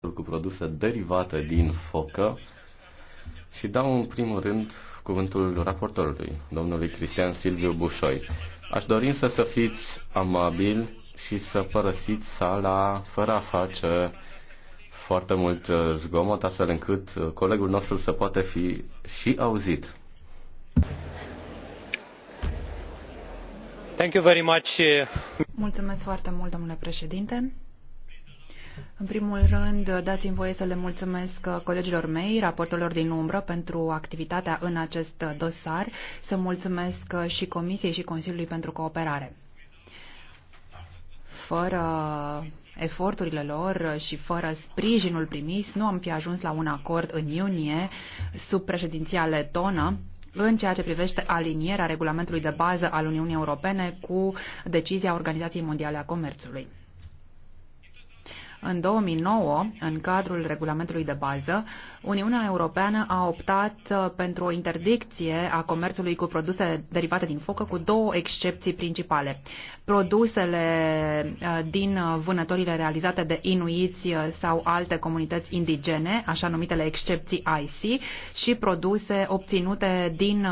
cu produse derivate din focă și dau în primul rând cuvântul raportorului, domnului Cristian Silviu Bușoi. Aș dori să, să fiți amabil și să părăsiți sala fără a face foarte mult uh, zgomot, astfel încât uh, colegul nostru să poate fi și auzit. Thank you very much. Uh, Mulțumesc foarte mult, domnule președinte. În primul rând, dați-mi voie să le mulțumesc uh, colegilor mei, raportorilor din umbră, pentru activitatea în acest uh, dosar, să mulțumesc uh, și Comisiei și Consiliului pentru cooperare. Fără eforturile lor și fără sprijinul primis, nu am fi ajuns la un acord în iunie sub președinția letonă, în ceea ce privește alinierea regulamentului de bază al Uniunii Europene cu decizia Organizației Mondiale a Comerțului. În 2009, în cadrul regulamentului de bază, Uniunea Europeană a optat uh, pentru o interdicție a comerțului cu produse derivate din focă cu două excepții principale. Produsele uh, din vânătorile realizate de inuiți uh, sau alte comunități indigene, așa numitele excepții IC, și produse obținute din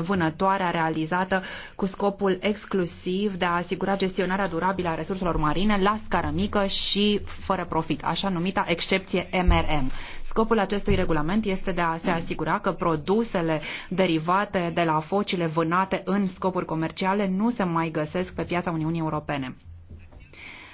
vânătoarea realizată cu scopul exclusiv de a asigura gestionarea durabilă a resurselor marine la scară mică și fără profit, așa numita excepție MRM. Scopul acestui regulament este de a se asigura că produsele derivate de la focile vânate în scopuri comerciale nu se mai găsesc pe piața Uniunii Europene.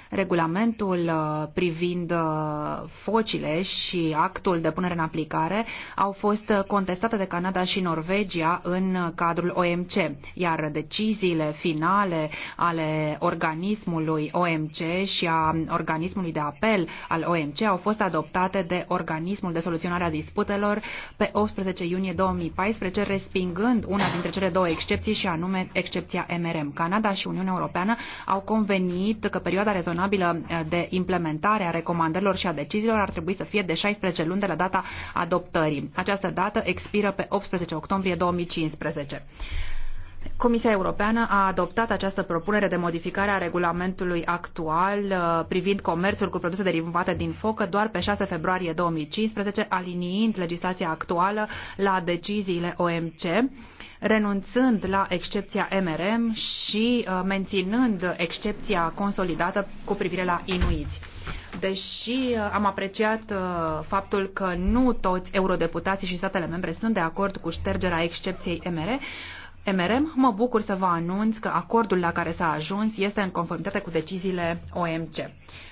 Regulamentul uh, privind uh, focile și actul de punere în aplicare au fost uh, contestate de Canada și Norvegia în cadrul OMC, iar deciziile finale ale organismului OMC și a organismului de apel al OMC au fost adoptate de organismul de soluționare a disputelor pe 18 iunie 2014, respingând una dintre cele două excepții și anume excepția MRM. Canada și Uniunea Europeană au convenit că perioada rezonabilă rezonabilă eh, de implementare a recomandărilor și a deciziilor ar trebui să fie de 16 luni de la data adoptării. Această dată expiră pe 18 octombrie 2015. Comisia Europeană a adoptat această propunere de modificare a regulamentului actual eh, privind comerțul cu produse derivate din focă doar pe 6 februarie 2015, aliniind legislația actuală la deciziile OMC renunțând la excepția MRM și uh, menținând excepția consolidată cu privire la inuiți. Deși uh, am apreciat uh, faptul că nu toți eurodeputații și statele membre sunt de acord cu ștergerea excepției MR, MRM, mă bucur să vă anunț că acordul la care s-a ajuns este în conformitate cu deciziile OMC.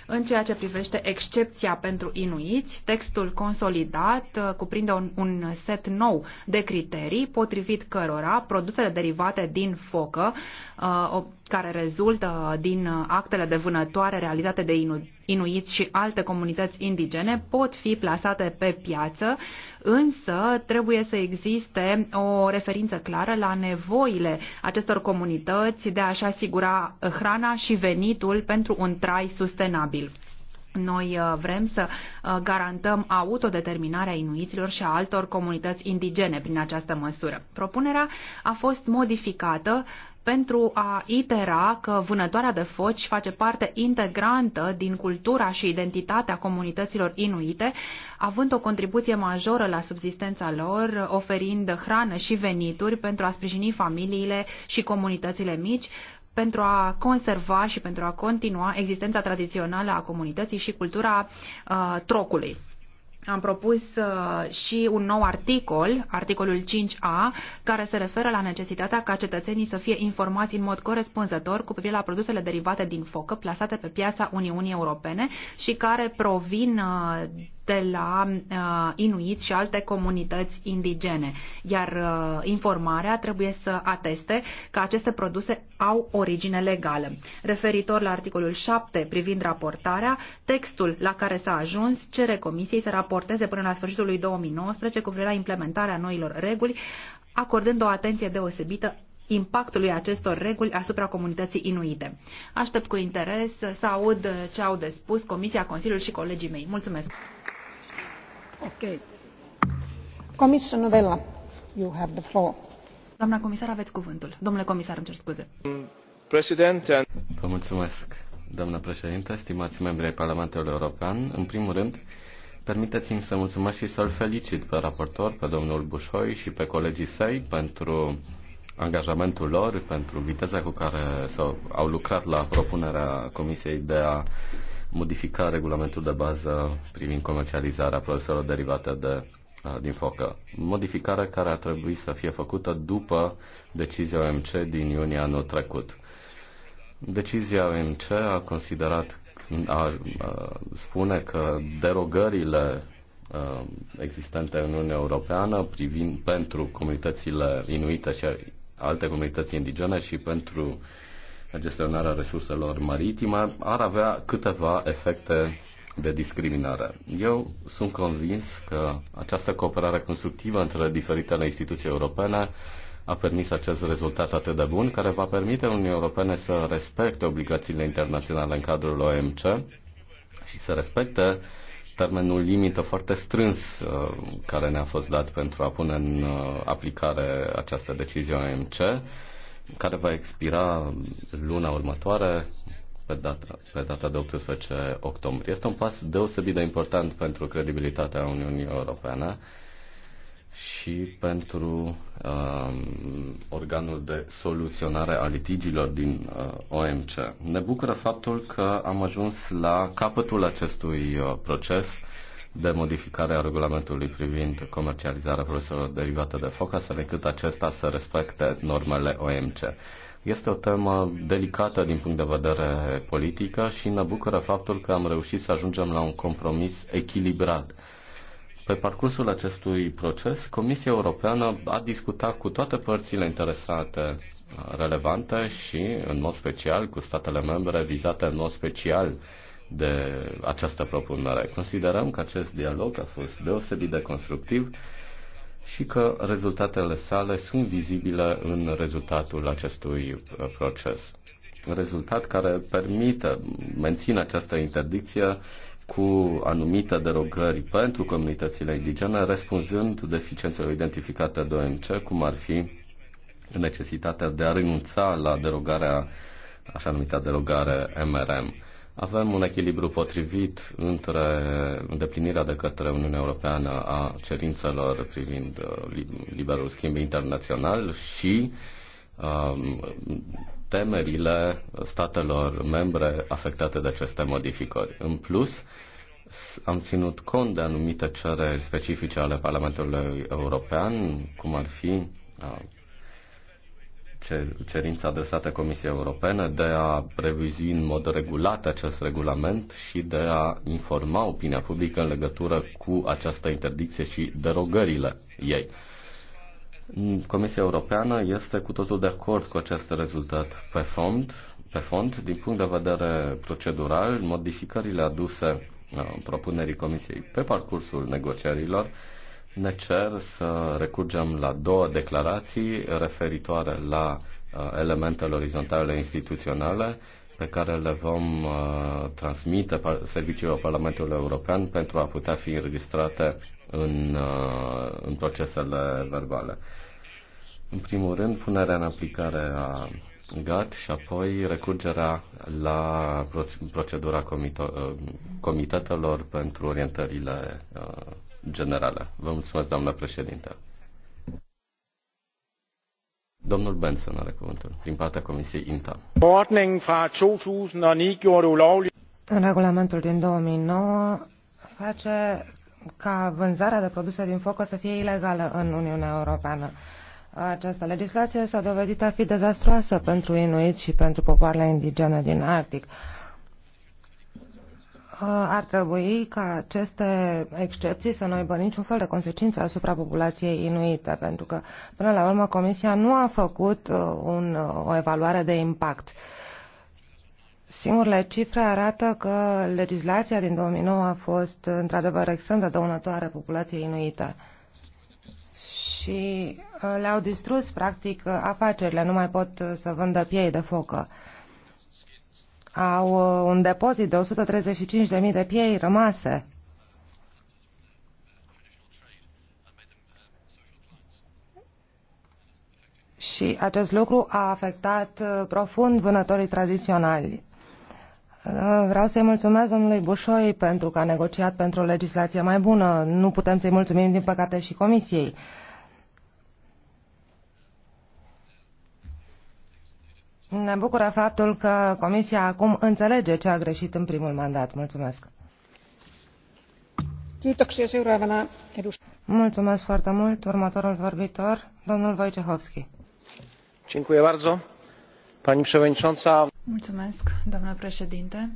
În ceea ce privește excepția pentru inuiți, textul consolidat uh, cuprinde un, un set nou de criterii potrivit cărora produsele derivate din focă uh, care rezultă din actele de vânătoare realizate de inuiți și alte comunități indigene pot fi plasate pe piață, însă trebuie să existe o referință clară la nevoile acestor comunități de a-și asigura hrana și venitul pentru un trai sustenabil. Noi uh, vrem să uh, garantăm autodeterminarea inuiților și a altor comunități indigene prin această măsură. Propunerea a fost modificată pentru a itera că vânătoarea de foci face parte integrantă din cultura și identitatea comunităților inuite, având o contribuție majoră la subsistența lor, oferind hrană și venituri pentru a sprijini familiile și comunitățile mici, pentru a conserva și pentru a continua existența tradițională a comunității și cultura uh, trocului am propus uh, și un nou articol, articolul 5A, care se referă la necesitatea ca cetățenii să fie informați în mod corespunzător cu privire la produsele derivate din focă plasate pe piața Uniunii Europene și care provin uh, de la uh, inuit și alte comunități indigene, iar uh, informarea trebuie să ateste că aceste produse au origine legală. Referitor la articolul 7 privind raportarea, textul la care s-a ajuns cere Comisiei să raporteze până la sfârșitul lui 2019 cu privire la implementarea noilor reguli, acordând o atenție deosebită impactului acestor reguli asupra comunității inuite. Aștept cu interes să aud ce au de spus Comisia, Consiliul și colegii mei. Mulțumesc! doamnă you have the floor. comisar, aveți cuvântul. Domnule comisar, îmi cer scuze. Președinte. Vă mulțumesc, doamnă președintă, stimați membri ai Parlamentului European. În primul rând, permiteți-mi să mulțumesc și să-l felicit pe raportor, pe domnul Bușoi și pe colegii săi pentru angajamentul lor, pentru viteza cu care s-au, au lucrat la propunerea Comisiei de a modifica regulamentul de bază privind comercializarea produselor derivate de, din focă. Modificare care ar trebui să fie făcută după decizia OMC din iunie anul trecut. Decizia OMC a considerat, a, a spune că derogările a, existente în Uniunea Europeană privind pentru comunitățile inuite și alte comunități indigene și pentru uh, gestionarea resurselor maritime ar avea câteva efecte de discriminare. Eu sunt convins că această cooperare constructivă între diferitele instituții europene a permis acest rezultat atât de bun, care va permite Uniunii Europene să respecte obligațiile internaționale în cadrul OMC și să respecte termenul limită foarte strâns uh, care ne-a fost dat pentru a pune în uh, aplicare această decizie OMC care va expira luna următoare, pe data, pe data de 18 octombrie. Este un pas deosebit de important pentru credibilitatea Uniunii Europene și pentru uh, organul de soluționare a litigiilor din uh, OMC. Ne bucură faptul că am ajuns la capătul acestui uh, proces de modificare a regulamentului privind comercializarea produselor derivate de foc, astfel încât acesta să respecte normele OMC. Este o temă delicată din punct de vedere politică și ne bucură faptul că am reușit să ajungem la un compromis echilibrat. Pe parcursul acestui proces, Comisia Europeană a discutat cu toate părțile interesate uh, relevante și, în mod special, cu statele membre vizate în mod special de această propunere. Considerăm că acest dialog a fost deosebit de constructiv și că rezultatele sale sunt vizibile în rezultatul acestui uh, proces. Rezultat care permite, menține această interdicție cu anumite derogări pentru comunitățile indigene, răspunzând deficiențelor identificate de OMC, cum ar fi necesitatea de a renunța la derogarea, așa numită derogare MRM. Avem un echilibru potrivit între îndeplinirea de către Uniunea Europeană a cerințelor privind uh, liberul schimb internațional și um, temerile statelor membre afectate de aceste modificări. În plus, am ținut cont de anumite cereri specifice ale Parlamentului European, cum ar fi uh, cerința adresată Comisiei Europene de a revizui în mod regulat acest regulament și de a informa opinia publică în legătură cu această interdicție și derogările ei. Comisia Europeană este cu totul de acord cu acest rezultat pe fond. Pe fond, din punct de vedere procedural, modificările aduse uh, propunerii Comisiei pe parcursul negocierilor ne cer să recurgem la două declarații referitoare la uh, elementele orizontale instituționale pe care le vom uh, transmite serviciilor Parlamentului European pentru a putea fi înregistrate în, uh, în procesele verbale. În primul rând, punerea în aplicare a GAT și apoi recurgerea la procedura uh, comitetelor pentru orientările uh, generală. Vă mulțumesc, doamnă președintă. Domnul Benson are cuvântul, din partea Comisiei INTA. Regulamentul din 2009 face ca vânzarea de produse din foc să fie ilegală în Uniunea Europeană. Această legislație s-a dovedit a fi dezastroasă pentru inuiți și pentru popoarele indigene din Arctic. Uh, ar trebui ca aceste excepții să nu aibă niciun fel de consecință asupra populației inuite, pentru că, până la urmă, Comisia nu a făcut uh, un, uh, o evaluare de impact. Singurele cifre arată că legislația din 2009 a fost, într-adevăr, extrem de dăunătoare populației inuite și le-au distrus, practic, afacerile, nu mai pot să vândă piei de focă au uh, un depozit de 135.000 de piei rămase. Și acest lucru a afectat uh, profund vânătorii tradiționali. Uh, vreau să-i mulțumesc domnului Bușoi pentru că a negociat pentru o legislație mai bună. Nu putem să-i mulțumim, din păcate, și Comisiei. Ne bucură faptul că Comisia acum înțelege ce a greșit în primul mandat. Mulțumesc. Mulțumesc foarte mult. Următorul vorbitor, domnul Wojciechowski. Dziękuję bardzo. Pani przewodnicząca. Mulțumesc, doamnă președinte.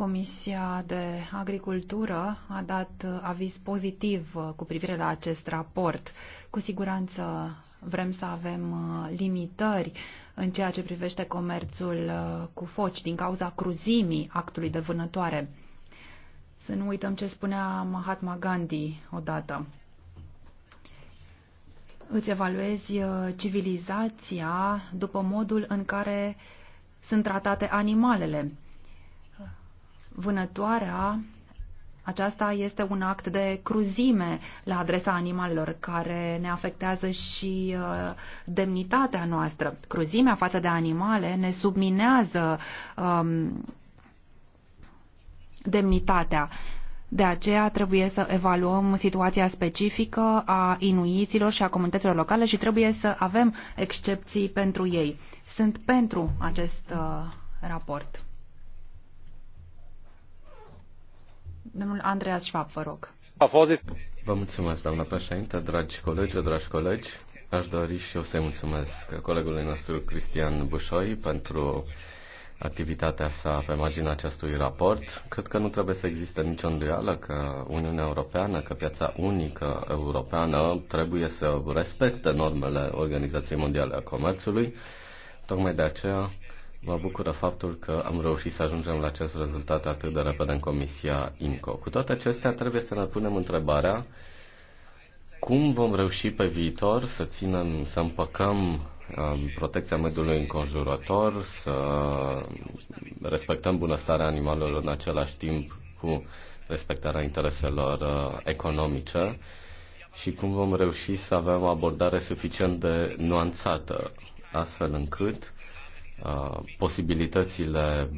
Comisia de Agricultură a dat uh, aviz pozitiv uh, cu privire la acest raport. Cu siguranță vrem să avem uh, limitări în ceea ce privește comerțul cu foci din cauza cruzimii actului de vânătoare. Să nu uităm ce spunea Mahatma Gandhi odată. Îți evaluezi civilizația după modul în care sunt tratate animalele. Vânătoarea aceasta este un act de cruzime la adresa animalelor care ne afectează și uh, demnitatea noastră. Cruzimea față de animale ne subminează um, demnitatea. De aceea trebuie să evaluăm situația specifică a inuiților și a comunităților locale și trebuie să avem excepții pentru ei. Sunt pentru acest uh, raport. Domnul Andreas Schwab, vă rog. Vă mulțumesc, doamnă președinte, dragi colegi, dragi colegi. Aș dori și eu să-i mulțumesc colegului nostru Cristian Bușoi pentru activitatea sa pe marginea acestui raport. Cred că nu trebuie să existe nicio îndoială că Uniunea Europeană, că piața unică europeană trebuie să respecte normele Organizației Mondiale a Comerțului. Tocmai de aceea Mă bucură faptul că am reușit să ajungem la acest rezultat atât de repede în Comisia INCO. Cu toate acestea, trebuie să ne punem întrebarea cum vom reuși pe viitor să ținem, să împăcăm um, protecția mediului înconjurător, să respectăm bunăstarea animalelor în același timp cu respectarea intereselor uh, economice și cum vom reuși să avem o abordare suficient de nuanțată, astfel încât Uh, posibilitățile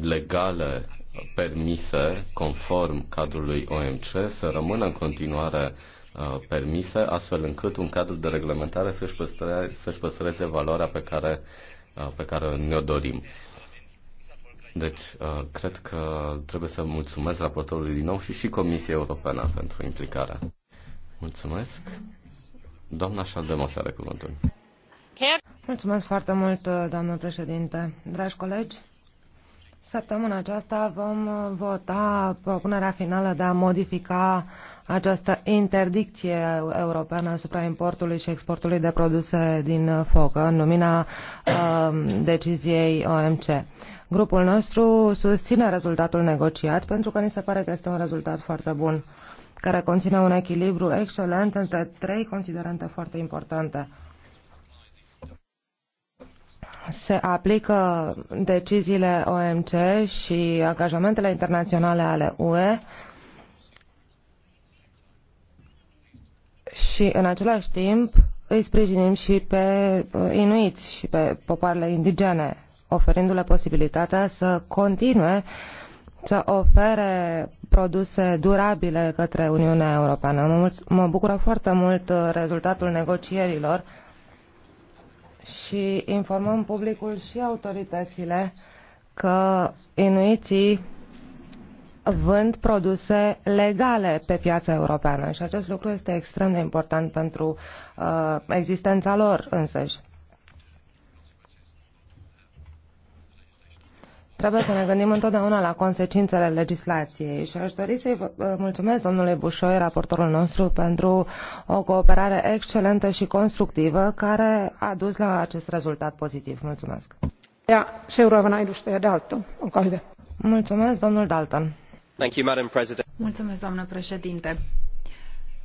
legale permise conform cadrului OMC să rămână în continuare uh, permise, astfel încât un cadru de reglementare să-și păstreze, să păstreze valoarea pe care, uh, pe care ne-o dorim. Deci, cred că trebuie să mulțumesc raportorului din nou și și Comisiei Europene pentru implicare. Mulțumesc. Doamna Șaldemos are cuvântul. Mulțumesc foarte mult, doamnă președinte. Dragi colegi, săptămâna aceasta vom uh, vota propunerea finală de a modifica această interdicție europeană asupra importului și exportului de produse din focă în lumina uh, deciziei OMC. Grupul nostru susține rezultatul negociat pentru că ni se pare că este un rezultat foarte bun care conține un echilibru excelent între trei considerente foarte importante se aplică deciziile OMC și angajamentele internaționale ale UE și în același timp îi sprijinim și pe uh, inuiți și pe popoarele indigene, oferindu-le posibilitatea să continue să ofere produse durabile către Uniunea Europeană. Mă bucură foarte mult uh, rezultatul negocierilor și informăm publicul și autoritățile că inuiții vând produse legale pe piața europeană și acest lucru este extrem de important pentru uh, existența lor însăși. Trebuie să ne gândim întotdeauna la consecințele legislației și aș dori să-i mulțumesc domnului Bușoi, raportorul nostru, pentru o cooperare excelentă și constructivă care a dus la acest rezultat pozitiv. Mulțumesc. Mulțumesc, domnul Dalton. Thank you, Madam President. Mulțumesc, doamnă președinte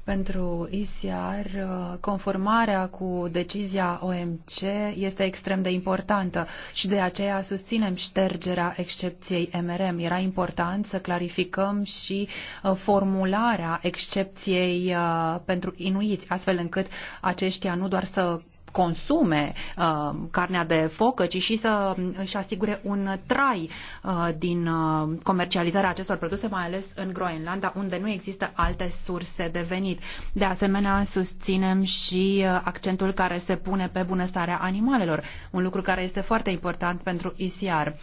pentru ICR, conformarea cu decizia OMC este extrem de importantă și de aceea susținem ștergerea excepției MRM. Era important să clarificăm și uh, formularea excepției uh, pentru inuiți, astfel încât aceștia nu doar să consume uh, carnea de focă, ci și să își asigure un trai uh, din uh, comercializarea acestor produse, mai ales în Groenlanda, unde nu există alte surse de venit. De asemenea, susținem și uh, accentul care se pune pe bunăstarea animalelor, un lucru care este foarte important pentru ICR. Uh,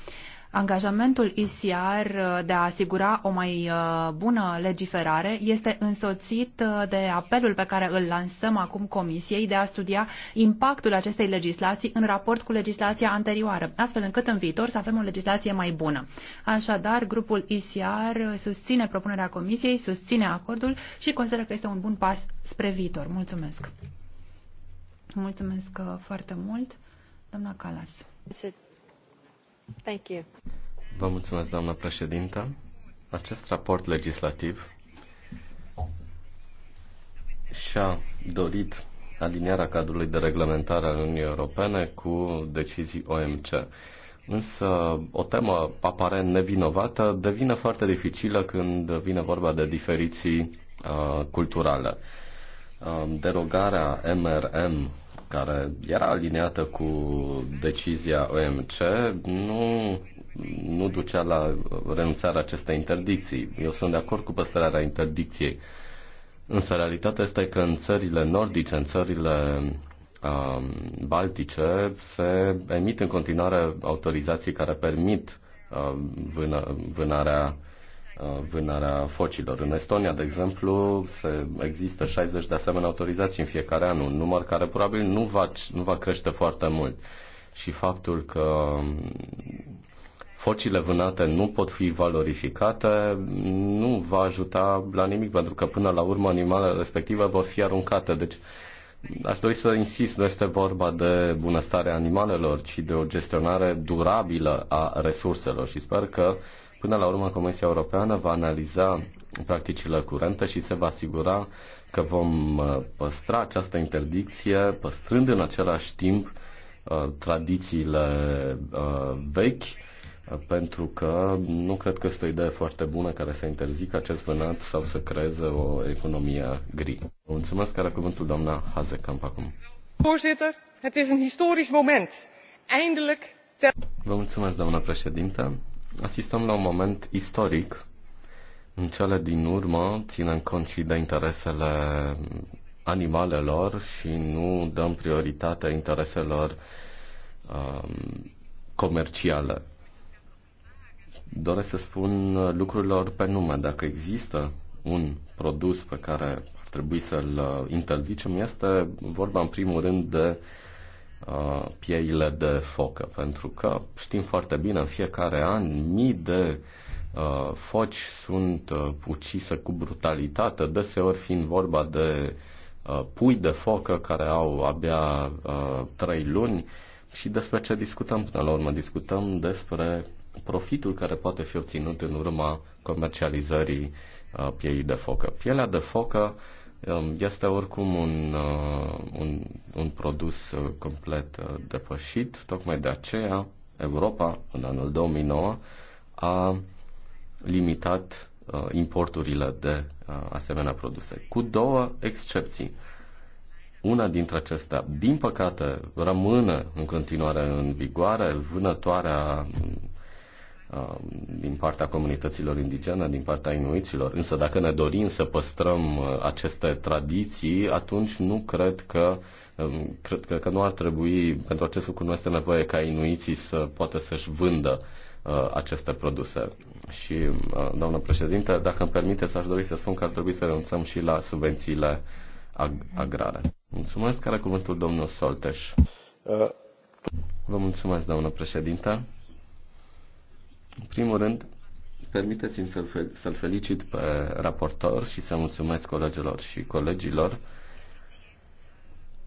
Angajamentul ICR de a asigura o mai uh, bună legiferare este însoțit uh, de apelul pe care îl lansăm acum Comisiei de a studia impactul acestei legislații în raport cu legislația anterioară, astfel încât în viitor să avem o legislație mai bună. Așadar, grupul ICR susține propunerea Comisiei, susține acordul și consideră că este un bun pas spre viitor. Mulțumesc! Mulțumesc uh, foarte mult, doamna Calas. Thank you. Vă mulțumesc, doamnă președintă. Acest raport legislativ și-a dorit alinierea cadrului de reglementare al Uniunii Europene cu decizii OMC. Însă o temă aparent nevinovată devine foarte dificilă când vine vorba de diferiții uh, culturale. Uh, derogarea MRM care era aliniată cu decizia OMC, nu, nu ducea la renunțarea acestei interdicții. Eu sunt de acord cu păstrarea interdicției. Însă realitatea este că în țările nordice, în țările um, baltice, se emit în continuare autorizații care permit uh, vână, vânarea Uh, vânarea focilor. În Estonia, de exemplu, se există 60 de asemenea autorizații în fiecare an, un număr care probabil nu va, nu va crește foarte mult. Și faptul că um, focile vânate nu pot fi valorificate nu va ajuta la nimic, pentru că până la urmă animalele respective vor fi aruncate. Deci, Aș dori să insist, nu este vorba de bunăstarea animalelor, ci de o gestionare durabilă a resurselor și sper că Până la urmă, Comisia Europeană va analiza practicile curente și se va asigura că vom uh, păstra această interdicție, păstrând în același timp uh, tradițiile uh, vechi, pentru că nu cred că este o idee foarte bună care să interzică acest vânat sau să creeze o economie gri. Mulțumesc, care cuvântul doamna Hazekamp acum. Voorzitter, het is een historisch moment. Eindelijk. Vă mulțumesc, doamna președintă asistăm la un moment istoric. În cele din urmă ținem cont și de interesele animalelor și nu dăm prioritate intereselor um, comerciale. Doresc să spun lucrurilor pe nume. Dacă există un produs pe care ar trebui să-l uh, interzicem, este vorba în primul rând de uh, Uh, pieile de focă, pentru că știm foarte bine, în fiecare an mii de uh, foci sunt uh, ucise cu brutalitate, deseori fiind vorba de pui de focă care au abia trei luni și despre ce discutăm până la urmă. Discutăm despre profitul care poate fi obținut în urma comercializării pieii de focă. Pielea de focă Um, este oricum un, uh, un, un produs uh, complet uh, depășit, tocmai de aceea Europa, în anul 2009, a limitat importurile de asemenea produse, cu două excepții. Una dintre acestea, din păcate, rămâne în continuare în vigoare, vânătoarea Uh, din partea comunităților indigene, din partea inuiților. Însă dacă ne dorim să păstrăm uh, aceste tradiții, atunci nu cred că um, cred, că, că nu ar trebui, pentru acest lucru nu este nevoie ca inuiții să poată să-și vândă uh, aceste produse. Și, doamnă președinte, dacă îmi permiteți, aș dori să spun că ar trebui să renunțăm și la subvențiile ag- agrare. Mulțumesc, care cuvântul domnul Solteș. Vă mulțumesc, doamnă președinte. În primul rând, permiteți-mi să-l, fel- să felicit pe raportor și să mulțumesc colegilor și colegilor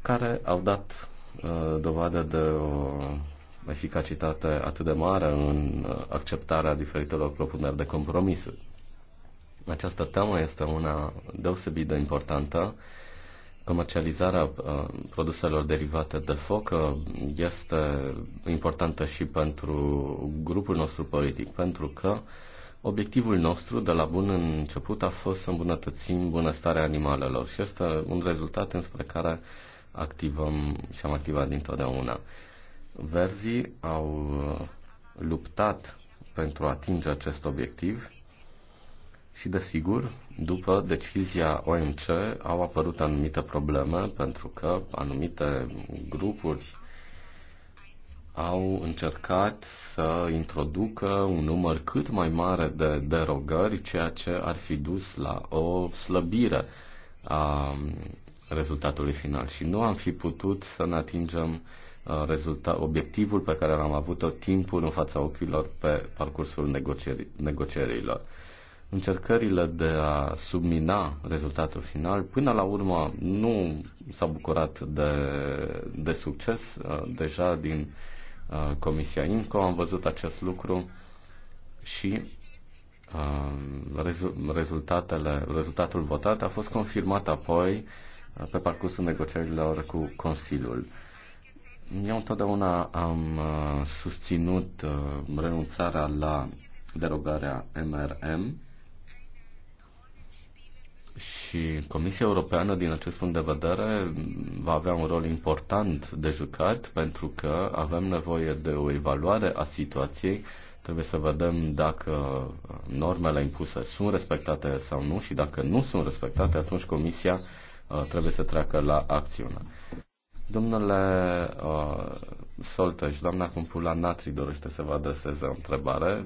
care au dat uh, dovadă de o eficacitate atât de mare în uh, acceptarea diferitelor propuneri de compromisuri. Această temă este una deosebit de importantă comercializarea uh, produselor derivate de foc uh, este importantă și pentru grupul nostru politic, pentru că obiectivul nostru de la bun început a fost să îmbunătățim bunăstarea animalelor și este un rezultat înspre care activăm și am activat dintotdeauna. Verzii au uh, luptat pentru a atinge acest obiectiv și desigur, după decizia OMC au apărut anumite probleme pentru că anumite grupuri au încercat să introducă un număr cât mai mare de derogări, ceea ce ar fi dus la o slăbire a rezultatului final. Și nu am fi putut să ne atingem uh, rezulta- obiectivul pe care l-am avut o timpul în fața ochilor pe parcursul negocieri- negocierilor încercările de a submina rezultatul final, până la urmă nu s-a bucurat de, de succes. Uh, deja din uh, Comisia INCO am văzut acest lucru și uh, rezultatele, rezultatul votat a fost confirmat apoi pe parcursul negocierilor cu Consiliul. Eu întotdeauna am susținut renunțarea la derogarea MRM și Comisia Europeană, din acest punct de vedere, va avea un rol important de jucat pentru că avem nevoie de o evaluare a situației. Trebuie să vedem dacă normele impuse sunt respectate sau nu și dacă nu sunt respectate, atunci Comisia uh, trebuie să treacă la acțiune. Domnule uh, Soltăș, doamna Cumpula Natri dorește să vă adreseze o întrebare.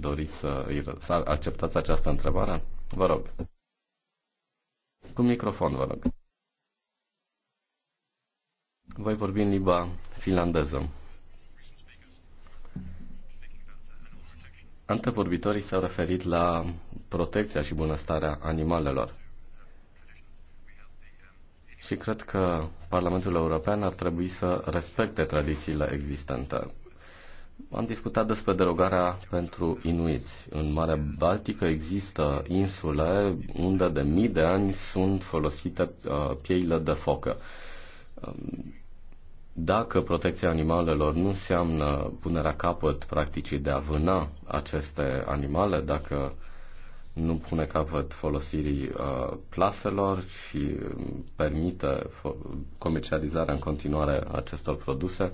Doriți să, să acceptați această întrebare? Vă rog. Cu microfon, vă rog. Voi vorbi în limba finlandeză. Antevorbitorii s-au referit la protecția și bunăstarea animalelor. Și cred că Parlamentul European ar trebui să respecte tradițiile existente. Am discutat despre derogarea pentru inuiți. În Marea Baltică există insule unde de mii de ani sunt folosite uh, pieile de focă. Um, dacă protecția animalelor nu înseamnă punerea capăt practicii de a vâna aceste animale, dacă nu pune capăt folosirii uh, plaselor și um, permite comercializarea în continuare acestor produse,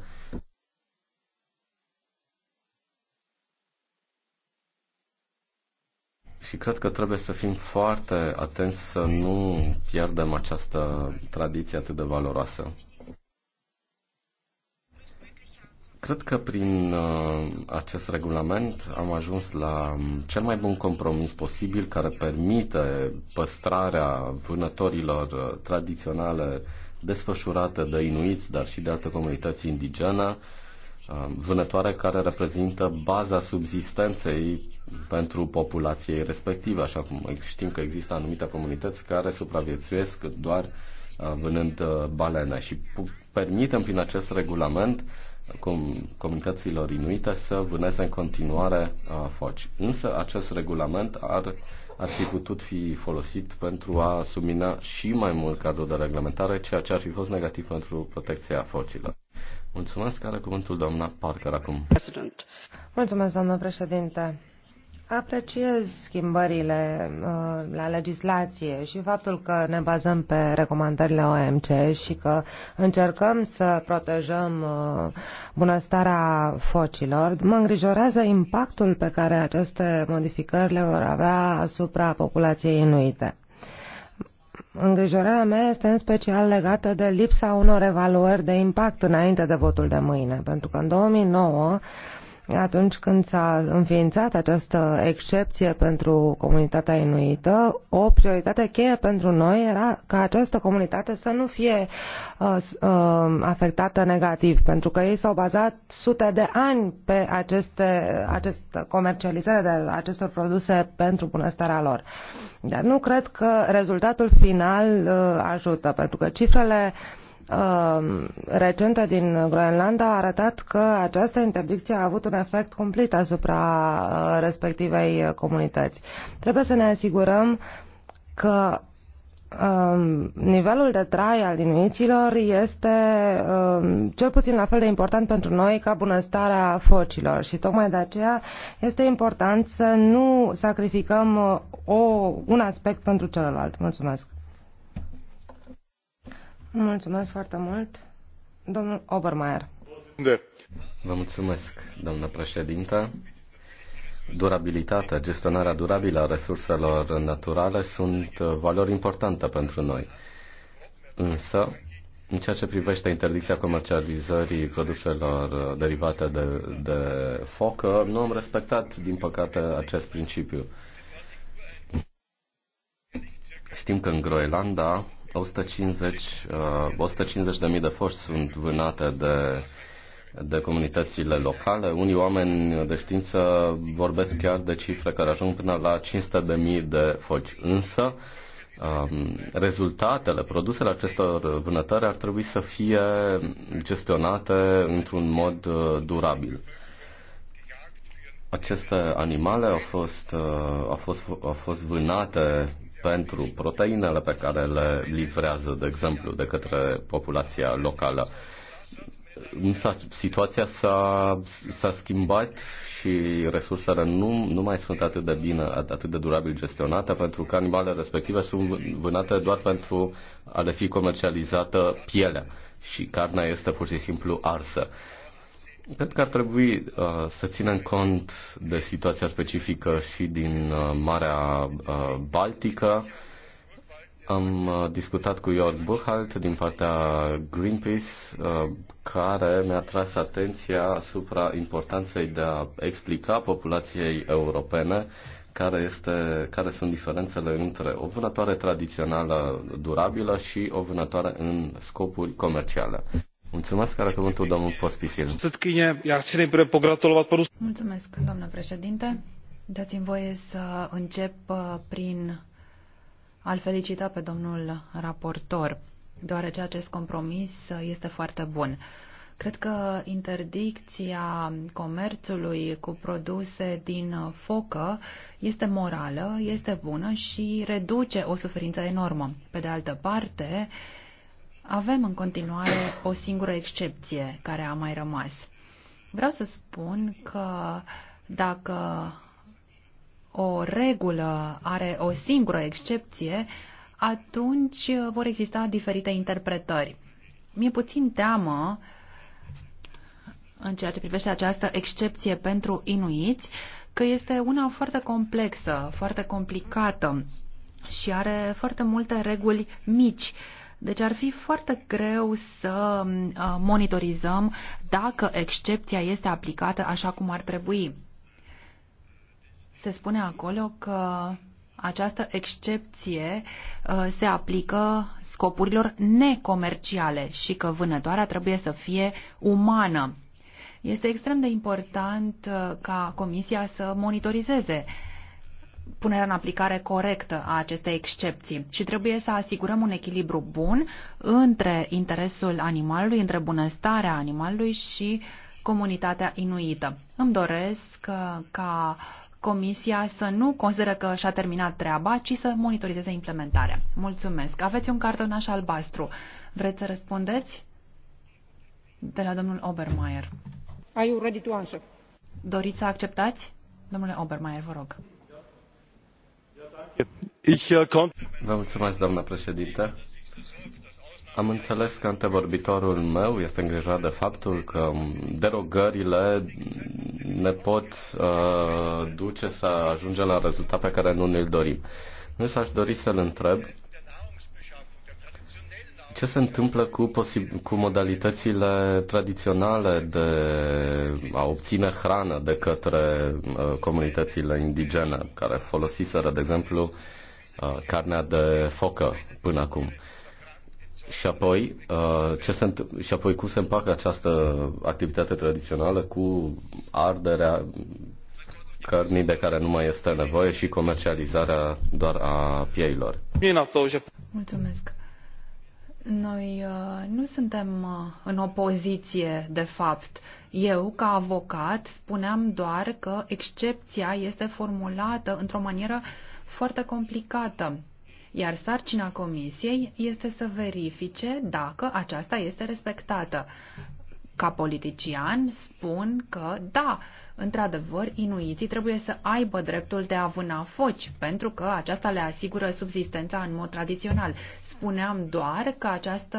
Și cred că trebuie să fim foarte atenți să nu pierdem această tradiție atât de valoroasă. Cred că prin uh, acest regulament am ajuns la cel mai bun compromis posibil care permite păstrarea vânătorilor uh, tradiționale desfășurate de inuiți, dar și de alte comunități indigene, uh, vânătoare care reprezintă baza subzistenței pentru populației respective, așa cum știm că există anumite comunități care supraviețuiesc doar uh, vânând uh, balene și permitem prin acest regulament uh, cum comunităților inuite să vâneze în continuare foci. Însă acest regulament ar, ar fi putut fi folosit pentru a submina și mai mult cadrul de reglementare, ceea ce ar fi fost negativ pentru protecția focilor. Mulțumesc, are cuvântul doamna Parker acum. Mulțumesc, doamnă președinte. Apreciez schimbările uh, la legislație și faptul că ne bazăm pe recomandările OMC și că încercăm să protejăm uh, bunăstarea focilor. Mă îngrijorează impactul pe care aceste modificări le vor avea asupra populației inuite. Îngrijorarea mea este în special legată de lipsa unor evaluări de impact înainte de votul de mâine, pentru că în 2009 atunci când s-a înființat această excepție pentru comunitatea inuită, o prioritate cheie pentru noi era ca această comunitate să nu fie uh, uh, afectată negativ, pentru că ei s-au bazat sute de ani pe aceste, aceste comercializare de acestor produse pentru bunăstarea lor. Dar nu cred că rezultatul final uh, ajută, pentru că cifrele uh, Uh, recentă din Groenlanda a arătat că această interdicție a avut un efect cumplit asupra uh, respectivei comunități. Trebuie să ne asigurăm că um, nivelul de trai al inuiților este um, cel puțin la fel de important pentru noi ca bunăstarea focilor și tocmai de aceea este important să nu sacrificăm uh, o, un aspect pentru celălalt. Mulțumesc! Mulțumesc foarte mult. Domnul Obermeier. Vă mulțumesc, doamnă președintă. Durabilitatea, gestionarea durabilă a resurselor naturale sunt uh, valori importante pentru noi. Însă, în ceea ce privește interdicția comercializării produselor uh, derivate de, de foc, nu am respectat, din păcate, acest principiu. Știm că în Groenlanda 150, uh, 150 de mii de foști sunt vânate de, de comunitățile locale. Unii oameni de știință vorbesc chiar de cifre care ajung până la 500 de mii de foci. Însă, um, rezultatele, produsele acestor vânătări ar trebui să fie gestionate într-un mod uh, durabil. Aceste animale au fost, uh, au fost, au fost vânate pentru proteinele pe care le livrează, de exemplu, de către populația locală. Însă situația s-a, s-a schimbat și resursele nu, nu mai sunt atât de bine, atât de durabil gestionate, pentru că animalele respective sunt vânate doar pentru a le fi comercializată pielea și carnea este pur și simplu arsă. Cred că ar trebui uh, să ținem cont de situația specifică și din uh, Marea uh, Baltică. Am uh, discutat cu Jörg Buchalt din partea Greenpeace, uh, care mi-a tras atenția asupra importanței de a explica populației europene care, este, care sunt diferențele între o vânătoare tradițională durabilă și o vânătoare în scopuri comerciale. Mulțumesc, care cuvântul domnul Pospisil. Mulțumesc, doamnă președinte. Dați-mi voie să încep uh, prin a-l felicita pe domnul raportor, deoarece acest compromis uh, este foarte bun. Cred că interdicția comerțului cu produse din focă este morală, este bună și reduce o suferință enormă. Pe de altă parte, avem în continuare o singură excepție care a mai rămas. Vreau să spun că dacă o regulă are o singură excepție, atunci vor exista diferite interpretări. Mi-e puțin teamă în ceea ce privește această excepție pentru inuiți, că este una foarte complexă, foarte complicată și are foarte multe reguli mici deci ar fi foarte greu să uh, monitorizăm dacă excepția este aplicată așa cum ar trebui. Se spune acolo că această excepție uh, se aplică scopurilor necomerciale și că vânătoarea trebuie să fie umană. Este extrem de important uh, ca Comisia să monitorizeze uh, punerea în aplicare corectă a acestei excepții și trebuie să asigurăm un echilibru bun între interesul animalului, între bunăstarea animalului și comunitatea inuită. Îmi doresc uh, ca Comisia să nu consideră că și-a terminat treaba, ci să monitorizeze implementarea. Mulțumesc. Aveți un cartonaș albastru. Vreți să răspundeți? De la domnul Obermeier. Are you ready to answer? Doriți să acceptați? Domnule Obermeier, vă rog. Äh, Vă mulțumesc, doamnă președinte. Am înțeles că antevorbitorul meu este îngrijorat de faptul că derogările ne pot uh, duce să ajungem la rezultat pe care nu ne-l dorim. s aș dori să-l întreb ce se întâmplă cu, cu modalitățile tradiționale de a obține hrană de către uh, comunitățile indigene care folosiseră, de exemplu, uh, Uh, carnea de focă până acum. Și apoi, uh, ce se, și apoi cum se împacă această activitate tradițională cu arderea cărnii de care nu mai este nevoie și comercializarea doar a pieilor. Mulțumesc. Noi uh, nu suntem în opoziție, de fapt. Eu, ca avocat, spuneam doar că excepția este formulată într-o manieră uh, foarte complicată, iar sarcina comisiei este să verifice dacă aceasta este respectată. Ca politician spun că, da, într-adevăr, inuiții trebuie să aibă dreptul de a vâna foci, pentru că aceasta le asigură subsistența în mod tradițional. Spuneam doar că această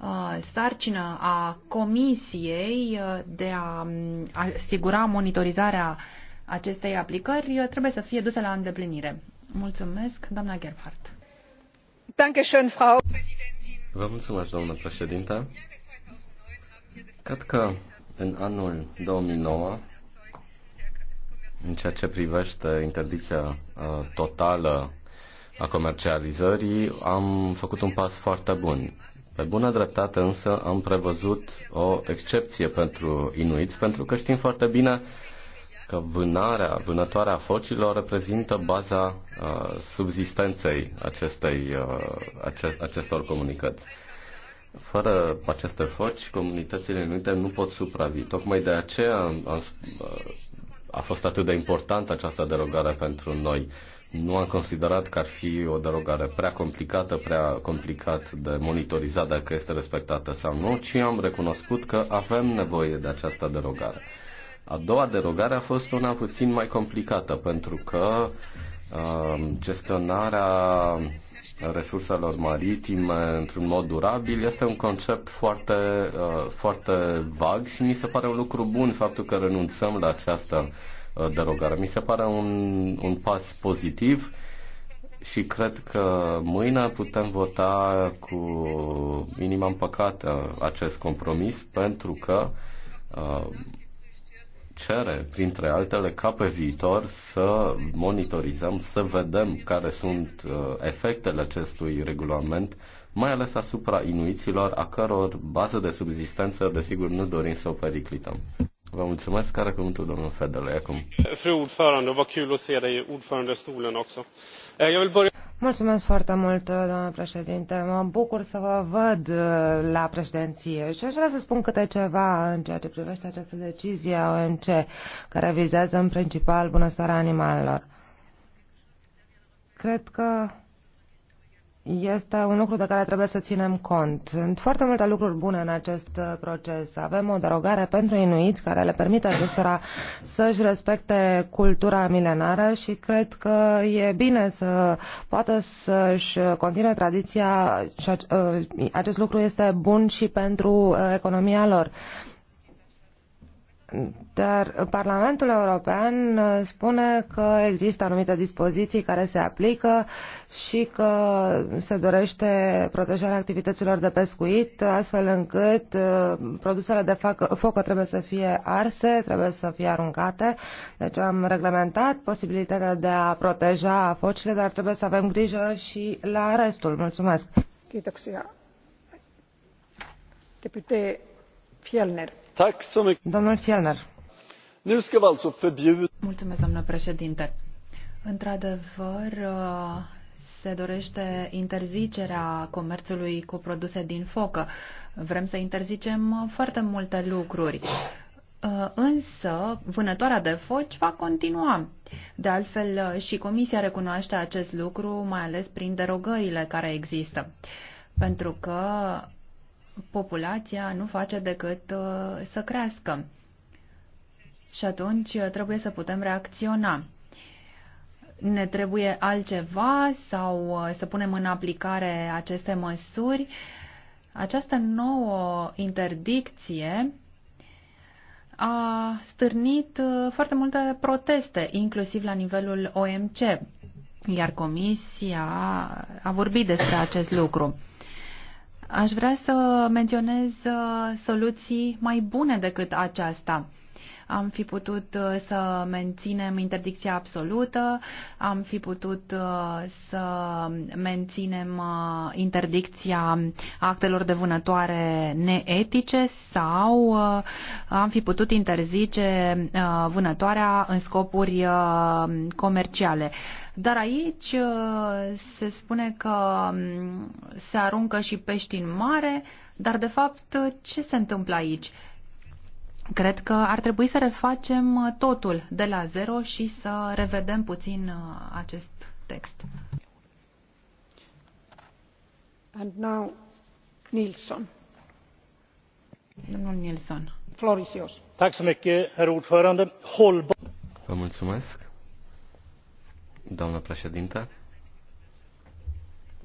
uh, sarcină a Comisiei uh, de a mm, asigura monitorizarea acestei aplicări trebuie să fie duse la îndeplinire. Mulțumesc, doamna Gerhardt. Vă mulțumesc, doamnă președinte. Cred că în anul 2009, în ceea ce privește interdicția uh, totală a comercializării, am făcut un pas foarte bun. Pe bună dreptate însă am prevăzut o excepție pentru inuiți, pentru că știm foarte bine că vânarea, vânătoarea focilor reprezintă baza uh, subzistenței acestei, uh, acest, acestor comunități. Fără aceste foci, comunitățile inuite nu pot supraviețui. Tocmai de aceea am, am, uh, a fost atât de importantă această derogare pentru noi. Nu am considerat că ar fi o derogare prea complicată, prea complicat de monitorizat dacă este respectată sau nu, ci am recunoscut că avem nevoie de această derogare. A doua derogare a fost una puțin mai complicată, pentru că um, gestionarea resurselor maritime într-un mod durabil este un concept foarte, uh, foarte vag și mi se pare un lucru bun faptul că renunțăm la această uh, derogare. Mi se pare un, un pas pozitiv și cred că mâine putem vota cu inima împăcată acest compromis pentru că uh, cere, printre altele, ca pe viitor să monitorizăm, să vedem care sunt uh, efectele acestui regulament, mai ales asupra inuiților, a căror bază de subzistență, desigur, nu dorim să o periclităm. Vă mulțumesc, care cuvântul domnul Fedele acum. Fru ordförande, vad kul att se dig i ordförandestolen också. Eh, jag vill börja... Mulțumesc foarte mult, doamnă președinte. Mă bucur să vă văd uh, la președinție și aș vrea să spun câte ceva în ceea ce privește această decizie a OMC, care vizează în principal bunăstarea animalelor. Cred că este un lucru de care trebuie să ținem cont. Sunt foarte multe lucruri bune în acest uh, proces. Avem o derogare pentru inuiți care le permite acestora să-și respecte cultura milenară și cred că e bine să poată să-și continue tradiția și uh, acest lucru este bun și pentru uh, economia lor. Dar Parlamentul European uh, spune că există anumite dispoziții care se aplică și că se dorește protejarea activităților de pescuit, astfel încât uh, produsele de foc trebuie să fie arse, trebuie să fie aruncate. Deci am reglementat posibilitatea de a proteja focile, dar trebuie să avem grijă și la restul. Mulțumesc. Kiitoksia. Deputy Fjellner Domnul doamnă președinte. Într-adevăr, uh, se dorește interzicerea comerțului cu produse din focă. Vrem să interzicem uh, foarte multe lucruri. Uh, însă, vânătoarea de foci va continua. De altfel, și Comisia recunoaște acest lucru, mai ales prin derogările care există. Pentru că populația nu face decât uh, să crească. Și atunci uh, trebuie să putem reacționa. Ne trebuie altceva sau uh, să punem în aplicare aceste măsuri. Această nouă interdicție a stârnit foarte multe proteste, inclusiv la nivelul OMC, iar Comisia a vorbit despre acest lucru. Aș vrea să menționez uh, soluții mai bune decât aceasta am fi putut uh, să menținem interdicția absolută, am fi putut uh, să menținem uh, interdicția actelor de vânătoare neetice sau am fi putut interzice vânătoarea în scopuri comerciale. Dar aici se spune că um, se aruncă și pești în mare, dar de fapt ce se întâmplă aici? Cred că ar trebui să refacem uh, totul de la zero și să revedem puțin uh, acest text. And now, Nilsson. Domnul Nilsson. Florisios. Tack så mycket, herr ordförande. Hållbar... Vă mulțumesc, doamnă președinte.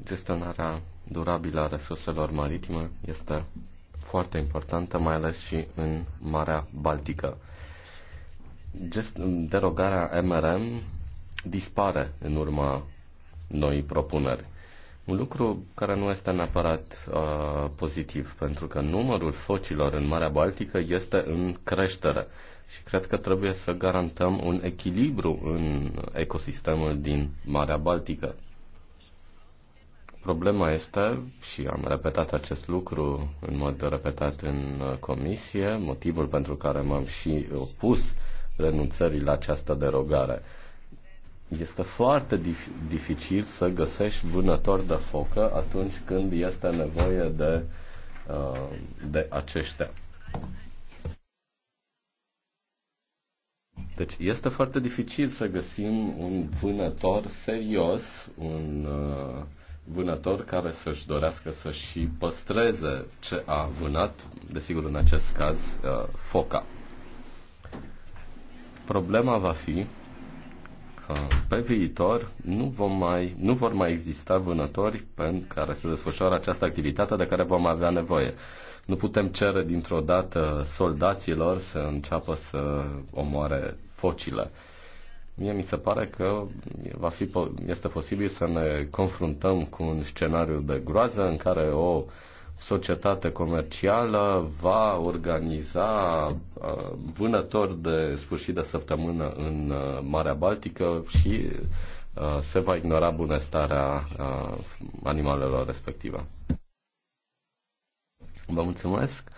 Gestionarea durabilă a resurselor maritime este foarte importantă, mai ales și în Marea Baltică. Gest, derogarea MRM dispare în urma noi propuneri. Un lucru care nu este neapărat uh, pozitiv, pentru că numărul focilor în Marea Baltică este în creștere și cred că trebuie să garantăm un echilibru în ecosistemul din Marea Baltică. Problema este, și am repetat acest lucru în mod repetat în uh, comisie, motivul pentru care m-am și opus renunțării la această derogare. Este foarte dif- dificil să găsești vânători de focă atunci când este nevoie de, uh, de aceștia. Deci este foarte dificil să găsim un vânător serios, un uh, vânător care să-și dorească să și păstreze ce a vânat, desigur în acest caz uh, foca. Problema va fi că pe viitor nu, vom mai, nu vor mai exista vânători pentru care se desfășoară această activitate de care vom avea nevoie. Nu putem cere dintr-o dată soldaților să înceapă să omoare focile. Mie mi se pare că va fi, este posibil să ne confruntăm cu un scenariu de groază în care o societate comercială va organiza uh, vânători de sfârșit de săptămână în uh, Marea Baltică și uh, se va ignora bunăstarea animalelor respective. Vă mulțumesc.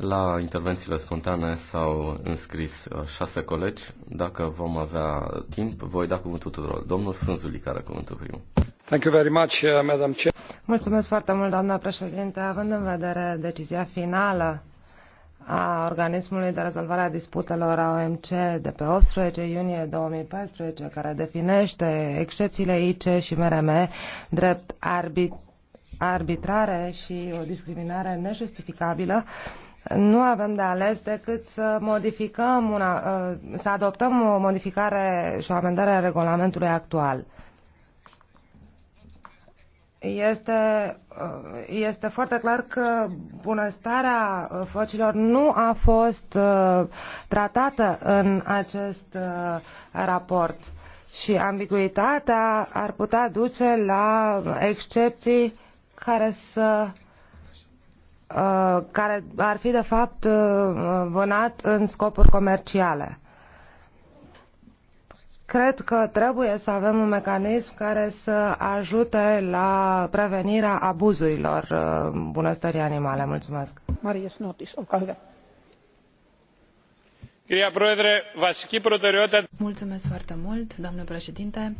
La intervențiile spontane s-au înscris uh, șase colegi. Dacă vom avea timp, voi da cuvântul tuturor. Domnul care are cuvântul primul. Thank you very much, uh, Madam Chair. Mulțumesc foarte mult, doamna președinte. Având în vedere decizia finală a Organismului de Rezolvare a Disputelor a OMC de pe 18 iunie 2014, care definește excepțiile IC și MRM drept arbit arbitrare și o discriminare nejustificabilă, nu avem de ales decât să modificăm una, uh, să adoptăm o modificare și o amendare a regulamentului actual. Este, uh, este foarte clar că bunăstarea uh, focilor nu a fost tratată în acest raport și ambiguitatea ar putea duce la excepții care să Uh, care ar fi de fapt uh, vânat în scopuri comerciale. Cred că trebuie să avem un mecanism care să ajute la prevenirea abuzurilor uh, bunăstării animale. Mulțumesc. Marius Notis, Mulțumesc foarte mult, doamnă președinte.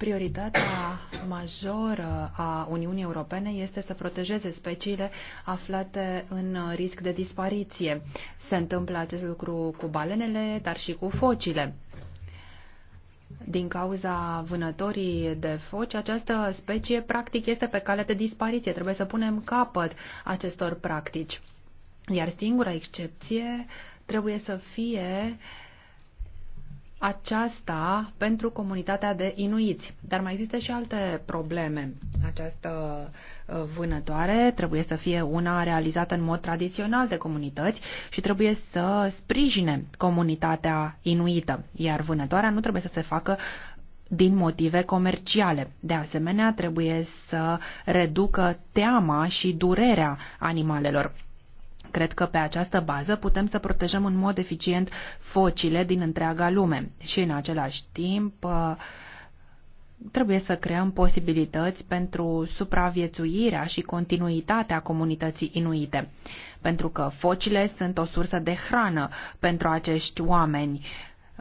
Prioritatea majoră a Uniunii Europene este să protejeze speciile aflate în risc de dispariție. Se întâmplă acest lucru cu balenele, dar și cu focile. Din cauza vânătorii de foci, această specie practic este pe cale de dispariție. Trebuie să punem capăt acestor practici. Iar singura excepție trebuie să fie uh, aceasta pentru comunitatea de inuiți. Dar mai există și alte probleme. Această ă, vânătoare trebuie să fie una realizată în mod tradițional de comunități și trebuie să sprijine comunitatea inuită, iar vânătoarea nu trebuie să se facă din motive comerciale. De asemenea, trebuie să reducă teama și durerea animalelor Cred că pe această bază putem să protejăm în mod eficient focile din întreaga lume și în același timp uh, trebuie să creăm posibilități pentru supraviețuirea și continuitatea comunității inuite, pentru că focile sunt o sursă de hrană pentru acești oameni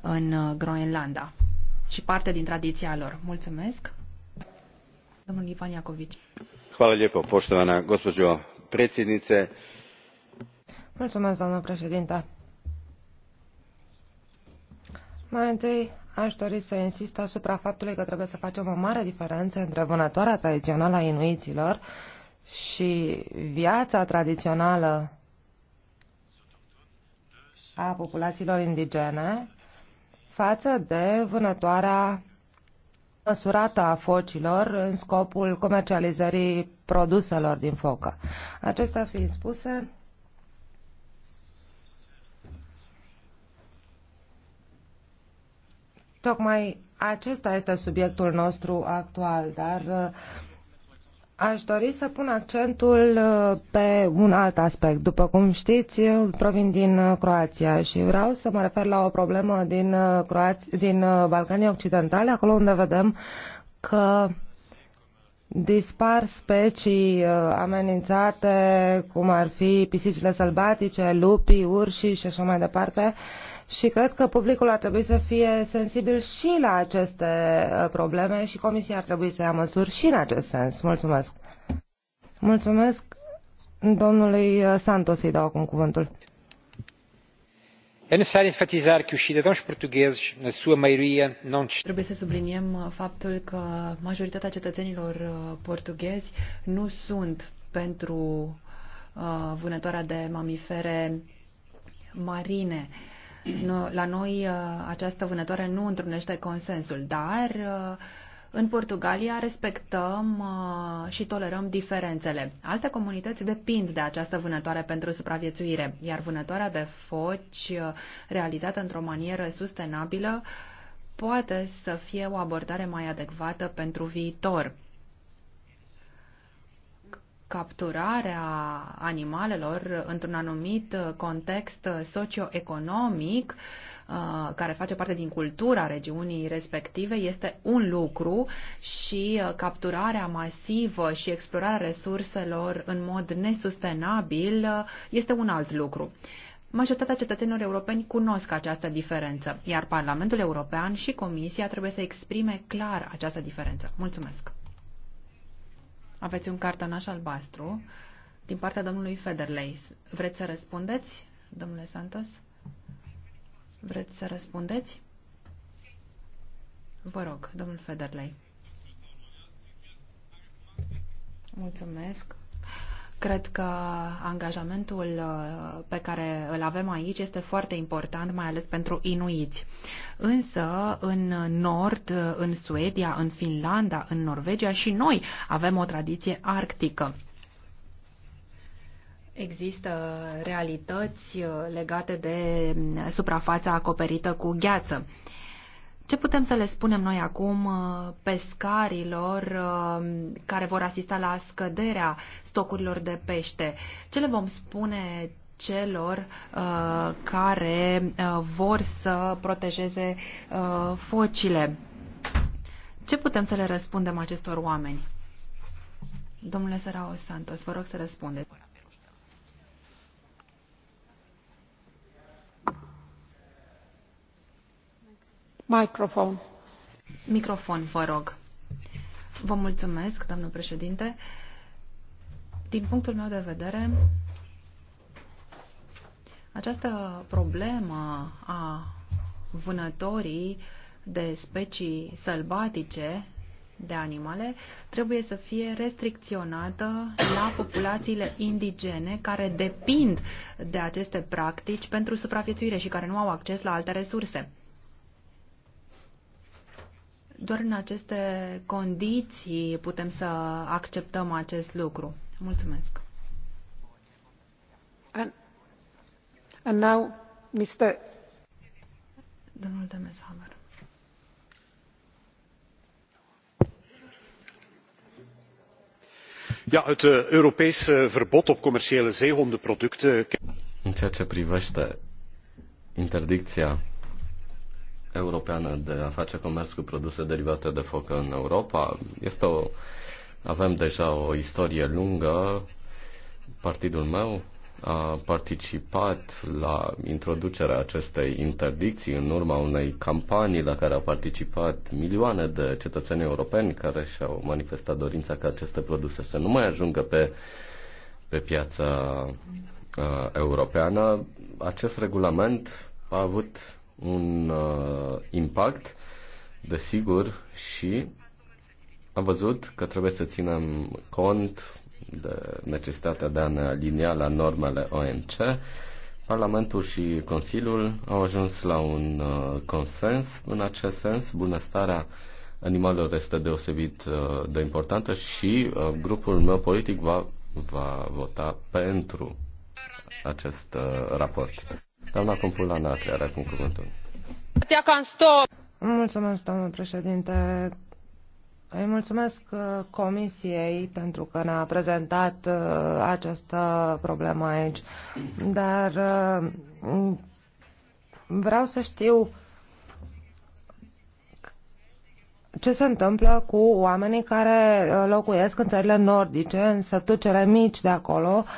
în Groenlanda și parte din tradiția lor. Mulțumesc. Domnul Ivan Iacovici. Hvala lijepo, poštovana gospođo predsjednice Mulțumesc, doamnă președinte. Mai întâi, aș dori să insist asupra faptului că trebuie să facem o mare diferență între vânătoarea tradițională a inuiților și viața tradițională a populațiilor indigene față de vânătoarea măsurată a focilor în scopul comercializării produselor din focă. Acestea fiind spuse, Tocmai acesta este subiectul nostru actual, dar uh, aș dori să pun accentul uh, pe un alt aspect. După cum știți, eu provin din uh, Croația și vreau să mă refer la o problemă din, Croația din Balcanii Occidentale, acolo unde vedem că dispar specii amenințate, cum ar fi pisicile sălbatice, lupii, urșii și așa mai departe, și cred că publicul ar trebui să fie sensibil și la aceste uh, probleme și Comisia ar trebui să ia măsuri și în acest sens. Mulțumesc! Mulțumesc domnului uh, Santos să-i dau acum cuvântul. É necessário enfatizar que os cidadãos portugueses, na sua maioria, não Trebuie să subliniem uh, faptul că majoritatea cetățenilor portughezi nu sunt pentru vânătoarea de mamifere marine. Uh, la noi uh, această vânătoare nu întrunește consensul, dar uh, în Portugalia respectăm uh, și tolerăm diferențele. Alte comunități depind de această vânătoare pentru supraviețuire, iar vânătoarea de foci realizată într-o manieră sustenabilă poate să fie o abordare mai adecvată pentru viitor capturarea animalelor într-un anumit uh, context uh, socioeconomic uh, care face parte din cultura regiunii respective este un lucru și capturarea masivă și explorarea resurselor în mod nesustenabil este un alt lucru. Majoritatea cetățenilor europeni cunosc această diferență, iar Parlamentul European și Comisia trebuie să exprime clar această diferență. Mulțumesc! Aveți un cartonaș albastru din partea domnului Federley. Vreți să răspundeți, domnule Santos? Vreți să răspundeți? Vă rog, domnul Federley. Mulțumesc. Cred că angajamentul uh, pe care îl avem aici este foarte important, mai ales pentru inuiți. Însă, în Nord, uh, în Suedia, în Finlanda, în Norvegia și noi avem o tradiție arctică. Există realități uh, legate de mm, suprafața acoperită cu gheață. Uh, ce putem să le spunem noi acum uh, pescarilor uh, care vor asista la scăderea stocurilor de pește? Ce le vom spune celor uh, care uh, vor să protejeze uh, focile? Ce putem să le răspundem acestor oameni? Domnule Sărao Santos, vă rog să răspundeți. Microfon. Microfon, vă rog. Vă mulțumesc, doamnă președinte. Din punctul meu de vedere, această problemă a vânătorii de specii sălbatice de animale trebuie să fie restricționată la populațiile indigene care depind de aceste practici pentru supraviețuire și care nu au acces la alte resurse. Doar în aceste condiții putem să acceptăm acest lucru. Mulțumesc. And, and now, Mr. Domnul Demeshammer. Ja, het uh, eh, Europees verbod op commerciële zeehondenproducten. In ceea ce privește interdicția europeană de a face comerț cu produse derivate de foc în Europa. Este o, avem deja o istorie lungă. Partidul meu a participat la introducerea acestei interdicții în urma unei campanii la care au participat milioane de cetățeni europeni care și-au manifestat dorința ca aceste produse să nu mai ajungă pe, pe piața uh, europeană. Acest regulament a avut un uh, impact, desigur, și am văzut că trebuie să ținem cont de necesitatea de a ne alinia la normele OMC. Parlamentul și Consiliul au ajuns la un uh, consens în acest sens. Bunăstarea animalelor este deosebit uh, de importantă și uh, grupul meu politic va, va vota pentru acest uh, raport. Doamna Compula Natri are acum cuvântul. Mulțumesc, domnule președinte. Îi mulțumesc uh, Comisiei pentru că ne-a prezentat uh, această problemă aici, dar uh, vreau să știu ce se întâmplă cu oamenii care locuiesc în țările nordice, în sătucele mici de acolo, uh,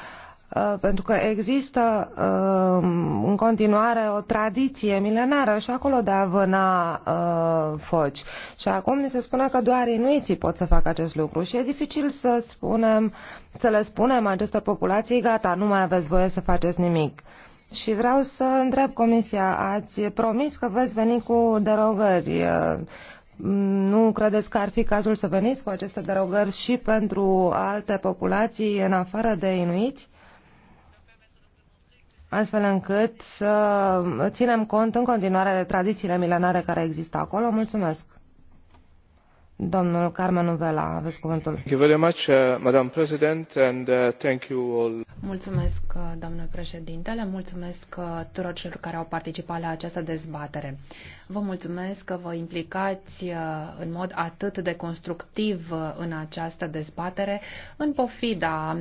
Uh, pentru că există uh, în continuare o tradiție milenară și acolo de a vâna uh, foci. Și acum ni se spune că doar inuiții pot să facă acest lucru și e dificil să, spunem, să le spunem acestor populații, gata, nu mai aveți voie să faceți nimic. Și vreau să întreb Comisia, ați promis că veți veni cu derogări. Nu credeți că ar fi cazul să veniți cu aceste derogări și pentru alte populații în afară de inuiți? astfel încât să ținem cont în continuare de tradițiile milenare care există acolo. Mulțumesc! Domnul Carmen Uvela, aveți cuvântul. Thank you very much, uh, Madam President, and uh, thank you all. Mulțumesc, uh, doamnă președintele, mulțumesc tuturor celor care au participat la această dezbatere. Vă mulțumesc că vă implicați în mod atât de constructiv în această dezbatere, în pofida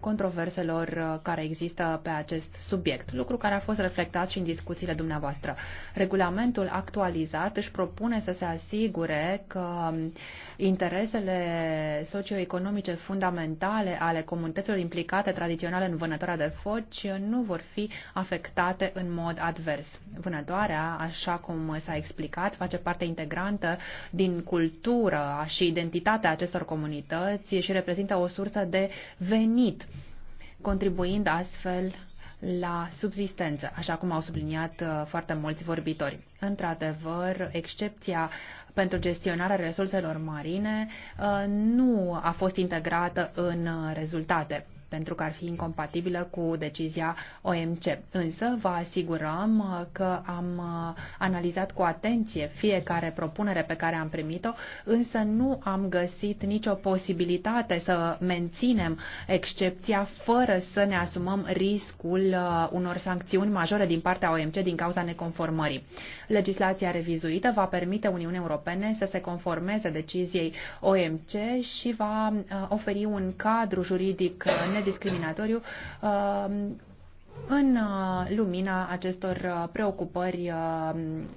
controverselor care există pe acest subiect, lucru care a fost reflectat și în discuțiile dumneavoastră. Regulamentul actualizat își propune să se asigure că Um, interesele socioeconomice fundamentale ale comunităților implicate tradițional în vânătoarea de foci nu vor fi afectate în mod advers. Vânătoarea, așa cum s-a explicat, face parte integrantă din cultură și identitatea acestor comunități și reprezintă o sursă de venit, contribuind astfel la subsistență, așa cum au subliniat uh, foarte mulți vorbitori. Într-adevăr, excepția pentru gestionarea resurselor marine uh, nu a fost integrată în uh, rezultate pentru că ar fi incompatibilă cu decizia OMC. Însă vă asigurăm uh, că am uh, analizat cu atenție fiecare propunere pe care am primit-o, însă nu am găsit nicio posibilitate să menținem excepția fără să ne asumăm riscul uh, unor sancțiuni majore din partea OMC din cauza neconformării. Legislația revizuită va permite Uniunii Europene să se conformeze deciziei OMC și va oferi un cadru juridic nediscriminatoriu uh, în uh, lumina acestor uh, preocupări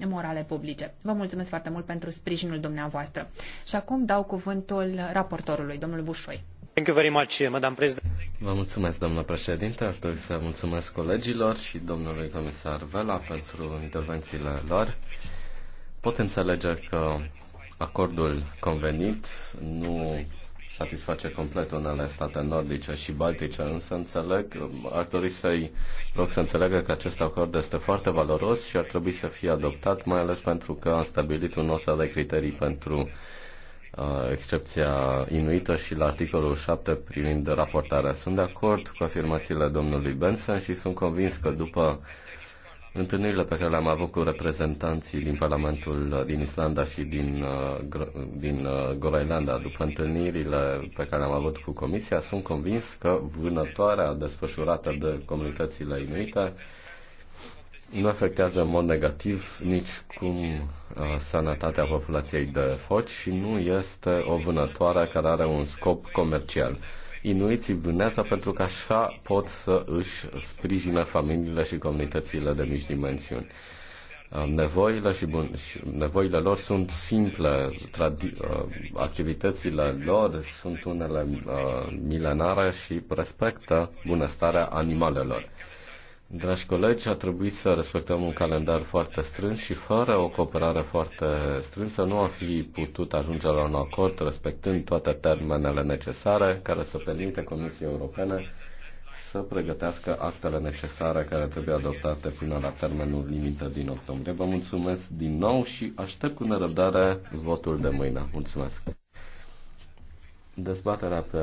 morale publice. Vă mulțumesc foarte mult pentru sprijinul dumneavoastră. Și acum dau cuvântul raportorului, domnul Bușoi. Thank you very much, Madam President. Vă mulțumesc, domnule președinte. Aș dori să mulțumesc colegilor și domnului comisar Vela pentru intervențiile lor. Pot înțelege că acordul convenit nu satisface complet unele state nordice și baltice, însă înțeleg, ar dori să-i rog să înțeleagă că acest acord este foarte valoros și ar trebui să fie adoptat, mai ales pentru că am stabilit un set de criterii pentru uh, excepția inuită și la articolul 7 privind raportarea. Sunt de acord cu afirmațiile domnului Benson și sunt convins că după Întâlnirile pe care le-am avut cu reprezentanții din Parlamentul din Islanda și din, uh, din uh, Groenlanda, după întâlnirile pe care le-am avut cu Comisia, sunt convins că vânătoarea desfășurată de comunitățile inuite nu afectează în mod negativ nici cum uh, sănătatea populației de foci și nu este o vânătoare care are un scop comercial inuiții vânează pentru că așa pot să își sprijină familiile și comunitățile de mici dimensiuni. Nevoile, și bun, și nevoile lor sunt simple, tradi- uh, activitățile lor sunt unele uh, milenare și respectă bunăstarea animalelor. Dragi colegi, a trebuit să respectăm un calendar foarte strâns și fără o cooperare foarte strânsă nu am fi putut ajunge la un acord respectând toate termenele necesare care să permite Comisiei Europene să pregătească actele necesare care trebuie adoptate până la termenul limită din octombrie. Vă mulțumesc din nou și aștept cu nerăbdare votul de mâine. Mulțumesc! Dezbaterea pe